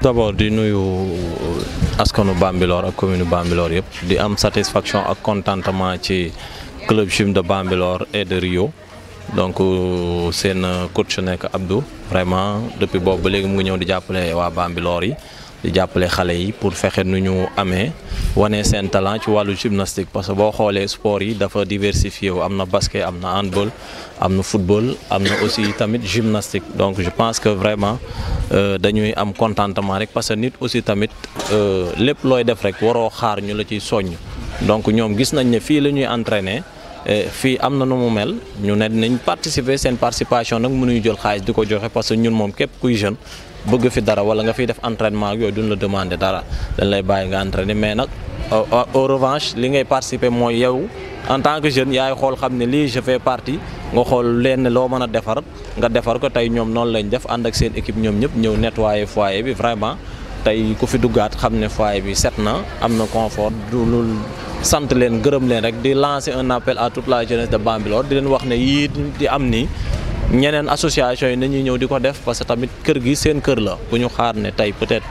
d'abord di nuyu euh, askanu Bambilor ak commune bambiloor yëpp di am satisfaction ak contentement ci club gym de Bambilor et de Rio donc euh, seen coach nekk Abdou vraiment depuis boobu ba léegi mu ngi ñëw di jàppale waa Bambilor yi. di jàppale xale yi pour fexe nu ñu amee wane seen talent ci wàllu gymnastique parce que boo xoolee sport yi dafa diversifié wu am na basket am na handball am na football am na aussi tamit gymnastique donc je pense que vraiment euh, dañuy am contentement rek parce que nit aussi tamit euh, lépp looy def rek waroo xaar ñu la ciy soññ donc ñoom gis nañ ne fii la ñuy entraîner fii am na nu mu mel ñu ne nañ participer seen participation nag mënuñu jël xaalis di ko joxe parce que ñun moom képp kuy jeune bëgg fi dara wala nga fiy def entraînement yooyu duñ la demander dara dañ lay bàyyi nga entraîner mais nag en revanche li ngay participer mooy yow en tant que jeune yaay xool xam ne lii je fais partie nga xool leen loo mën a defar nga defar ko tey ñoom noonu lañ def ànd ak seen équipe ñoom ñëpp ñëw nettoyer foyer bi vraiment tey ku fi duggaat xam ne foyer bi set na am na confort du lu sant leen gërëm leen rek di lancer un appel à tout la jeunesse de Bambilor di leen wax ne yii di am nii. ñeneen association yi nañuy ñëw di ko def parce que tamit kër gi seen kër la bu ñu xaar ne tey peut-être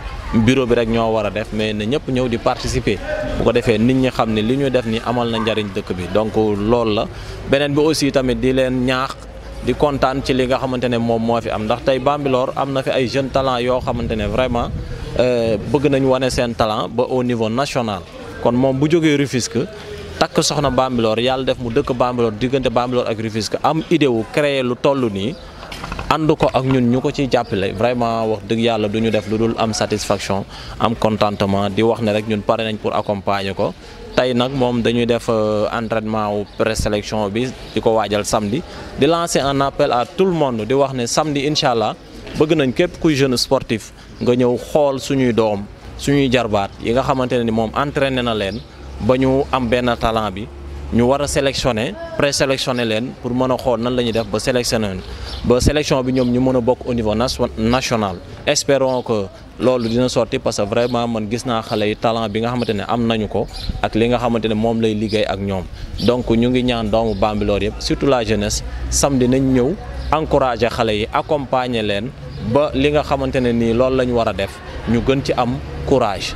bureau bi rek ñoo war a def mais na ñëpp ñëw di participer bu ko defee nit ñi xam ne li ñu def ni amal na njariñ dëkk bi donc loolu la beneen bi aussi tamit di leen ñaax di kontaan ci li nga xamante ne moom moo fi am ndax tey Bambilor am na fi ay jeunes talents yoo xamante ne vraiment euh, bëgg nañ wane seen talent ba au niveau national kon moom bu jógee takk soxna Bambilor yàlla def mu dëkk Bambilor diggante Bambilor ak am idée wu créer lu tollu nii ànd ko ak ñun ñu ko ciy jàppale vraiment wax dëgg yàlla du ñu def lu dul am satisfaction am contentement di wax ne rek ñun pare nañ pour accompagner ko tey nag moom dañuy def euh, entraînement wu présélection bi di ko waajal samedi di lancer en appel à tout le monde di wax ne samedi incha allah bëgg nañ képp kuy jeune sportif nga ñëw xool suñuy doom suñuy jarbaat yi nga xamante ne ni moom entraîné na leen. ba ñu am benn talent bi ñu war a sélectionné présélectionné leen pour mën a xool nan la ñuy def ba sélectionné ba sélection bi ñoom ñu mën a bokk au niveau national espérons que loolu dina sorti parce que vraiment man gis naa xale yi talent bi nga xamante ne am nañu ko ak li nga xamante ne moom lay liggéey ak ñoom donc ñu ngi ñaan doomu Bambilor yëpp surtout la jeunesse samedi nañ ñëw encourager xale yi accompagner leen ba li nga xamante ne nii loolu la ñu war a def ñu gën ci am courage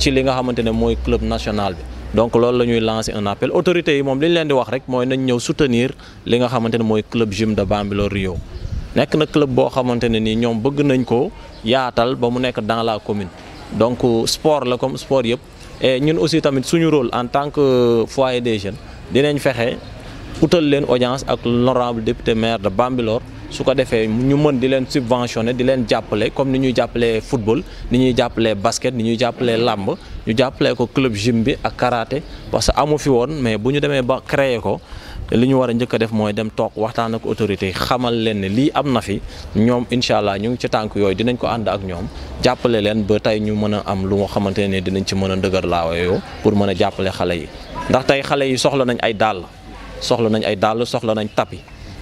ci li nga xamante ne mooy club national bi donc loolu la ñuy lancer en appel autorités yi moom li ñu leen di wax rek mooy nañ ñëw soutenir li nga xamante ne mooy club gym de Bambilor Rio nekk na club boo xamante ne nii ñoom bëgg nañ ko yaatal ba mu nekk dans la commune donc sport la comme sport yëpp et ñun aussi tamit suñu rôle en tant que foyer des jeunes dinañ fexe utal leen audience ak l'honorable député maire de Bambilor su ko defee ñu mën di leen subventionné di leen jàppale comme ni ñuy jàppale football ni ñuy jàppalee basket ni ñuy jàppalee làmb ñu jàppale ko club gym bi ak karaté parce que amu fi woon mais bu ñu demee ba créer ko li ñu war a njëkk def mooy dem toog waxtaan ak autorité yi xamal leen ne lii am na fi ñoom incha allah ñu ngi ci tànk yooyu dinañ ko ànd ak ñoom jàppale leen ba tey ñu mën a am lu nga xamante ne dinañ ci mën a ndëgër laawayoo pour mën a jàppale xale yi ndax tey xale yi soxla nañ ay dàll soxla nañ ay dàll soxla nañ tapi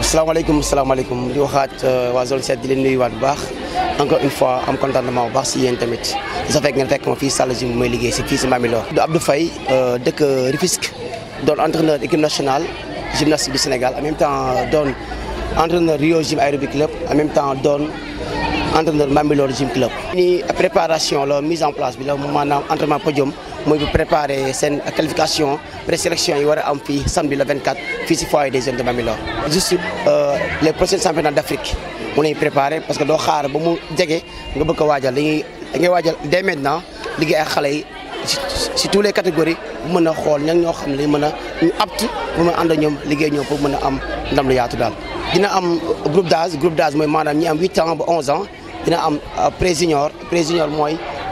Salam alaikum, di alaikum. Eh, waa zone 7 di leen nuyuwaat bu baax encore une fois am contentement bu baax si yéen tamit sa fekk ngeen avec ma fils, mon Gym le may liggéey si fils si Bambilor. Abdou Faye que eh, Rufisque doon entraîneur l'équipe nationale gymnastique du Sénégal en même temps donne entraîneur Rio Gym Aerobic Club en même temps donne entraîneur Bambilor Gym Club. ni préparation la mise en place bi moment entraîneur entraînement podium. mooy bu préparer seen qualification présélection yi war a am fii samedi le 24 fii si foyer des jeunes de Bambilor juste euh, les prochains championnats d'Afrique mu lañuy préparer parce que doo xaar ba mu jege nga bëgg a waajal dañuy dangay waajal dès maintenant liggéey ak xale yi si les catégories bu mën a xool ña ñoo xam ne mën a ñu apte pour mën a ànd ñoom liggéey ñoom pour mën a am ndam lu yaatu daal dina am groupe d'âge groupe d'âge mooy maanaam ñi am 8 ans b 11 ans dina am euh, pré junior mooy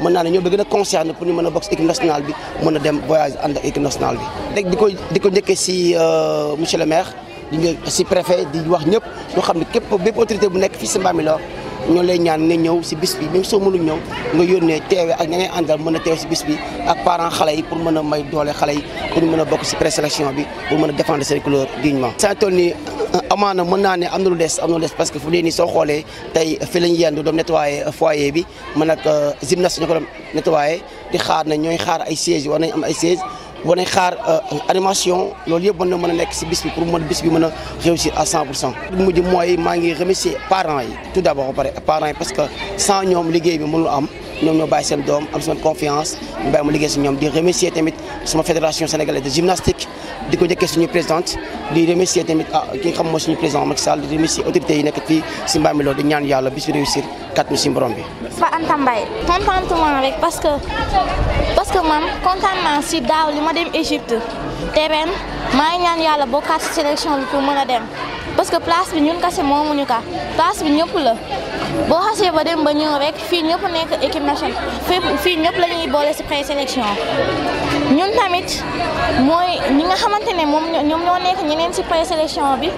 mën naa ne ñoo gën a concerné pour ñu mën a bokk si équipe nationale bi mën a dem voyage ànd ak nationale bi. di ko di ko njëkkee si euh, monsieur le maire di nga si préfet di wax ñëpp ñoo xam ne képp bépp autorité bu nekk fii si Bambilor ñoo lay ñaan nga ñëw si bis bi même soo mënul ñëw nga yónnee teewe ak ña ngay àndal mën a teew si bis bi ak parents xale yi pour mën a may doole xale yi pour ñu mën a bokk si présélection bi pour mën a défendre seen couleur Euh, amana mën naa ne am na lu des am na lu des parce que fu dee nii soo xoolee tey fi lañ yendu doon nettoyer foyer bi man nag euh, gymnase ñu ko doon nettoyer di xaar na ñooy xaar ay sièges war nañ am ay sièges war nañ xaar euh, animation loolu yëpp mën na mën a nekk si bis bi pour mën bis bi mën a réussir à 100 pour cent mujj mooy maa ngi remercier parents yi tout d'abord ba pare parents yi parce que sans ñoom liggéey bi mënul am ñoom ñoo bàyyi seen doom am seen confiance ñu bàyyi mu liggéey si ñoom di remercier tamit sama fédération sénégalaise de gymnastique di ko njëkkee suñu présidente di remercier tamit ah ki nga xam mooy suñu président Macky Sall di remercier autorités yi nekk fii si Mbambilor di ñaan yàlla bis bi réussir kat ñu si borom bi. Ba Anta Mbaye contentement parce que parce que man kontaan si daaw li ma dem Égypte te ren ñaan yàlla bokkaat si sélection bi pour mën a dem parce que place bi ñun kese moomuñu ka place bi ñëpp la. bo xasee ba dem ba ñëw rek fi ñëpp nek équipe nationale fi fii lañuy bolé ci pré sélection ñun tamit moy ñi nga xamantene mom ñom ñoo nek ñeneen ci pré sélection bi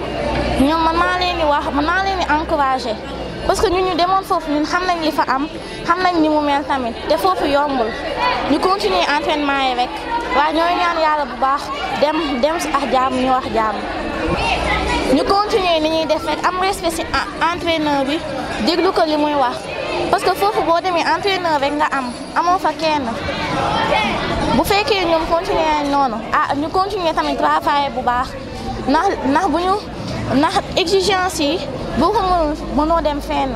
ñom man maa leen di wax man maa leen di encouragé parce que ñun ñu demoon fofu ñun xam nañ li fa am xam nañ ni mu mel tamit té fofu yombul ñu continuer entraînement yi rek wa ñoy ñaan yalla bu baax dem dem si ak jàmm ñu wax jàmm ñu continuer ni ñuy def rek am respect ci entraîneur bi déglu ko li muy wax parce que foofu boo demee entraîneur rek nga am amoo fa kenn bu fekkee ñoom continuer nañ noonu ah ñu continuer tamit travail bu baax ndax ndax bu ñu ndax exigence yi boo ko mënul dem fenn.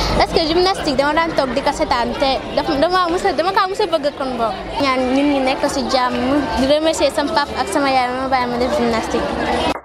parce que gymnastique dama daan toog di ko setaan te dama mos a dama mos a bëgg kon boog. ñaan nit ñi nekk si jàmm di remercier sama papa ak sama yaay ma bàyyi ma def gymnastique.